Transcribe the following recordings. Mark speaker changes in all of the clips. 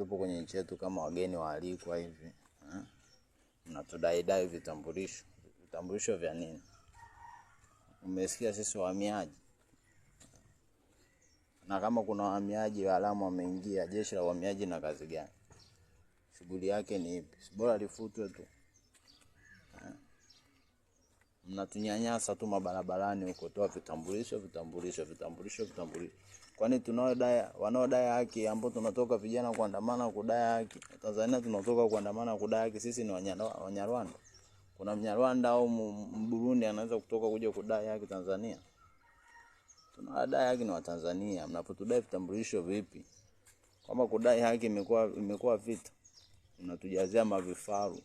Speaker 1: tupo kwenye nchi yetu kama wageni waalikwa hivi, eh? natudaidai vitambulisho. Vitambulisho vya nini? Umesikia, sisi wahamiaji. Na kama kuna wahamiaji waalamu wameingia, jeshi la uhamiaji na kazi gani? Shughuli yake ni ipi? Bora lifutwe tu wanatunyanyasa tu mabarabarani huko, toa vitambulisho, vitambulisho, vitambulisho, vitambulisho. Kwani tunaodai wanaodai haki ambao tunatoka vijana kuandamana kudai haki Tanzania, tunatoka kuandamana kudai haki, sisi ni Wanyarwanda. Kuna Mnyarwanda au Mburundi anaweza kutoka kuja kudai haki Tanzania? Tunaodai haki ni Watanzania. Mnapotudai vitambulisho vipi? Kama kudai haki imekuwa imekuwa vita, mnatujazia mavifaru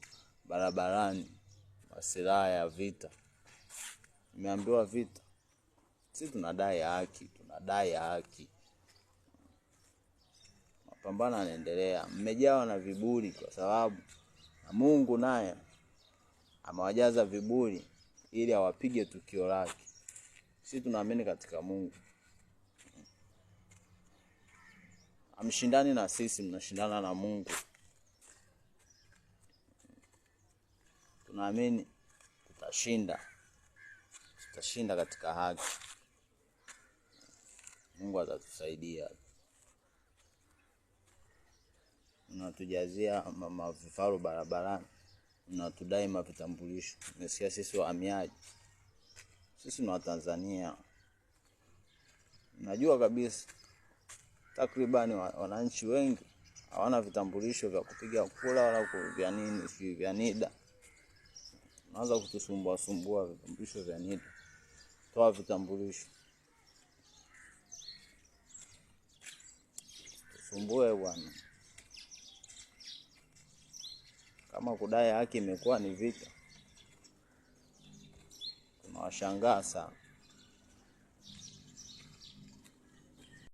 Speaker 1: barabarani, masilaha ya vita. Nimeambiwa vita. Sisi tunadai haki, tunadai haki. Mapambano yanaendelea. Mmejawa na viburi kwa sababu na Mungu naye amewajaza viburi ili awapige tukio lake. Sisi tunaamini katika Mungu. Amshindani na sisi, mnashindana na Mungu. Tunaamini tutashinda tutashinda katika haki. Mungu atatusaidia unatujazia mavifaru barabarani, unatudai mavitambulisho. Umesikia sisi wahamiaji, sisi ni Watanzania. Najua kabisa takribani wananchi wengi hawana vitambulisho vya kupiga kula wala vya nini, vya NIDA. naanza kutusumbua sumbua vitambulisho vya NIDA toa vitambulisho, tusumbue bwana. Kama kudai haki imekuwa ni vita, tunawashangaa sana.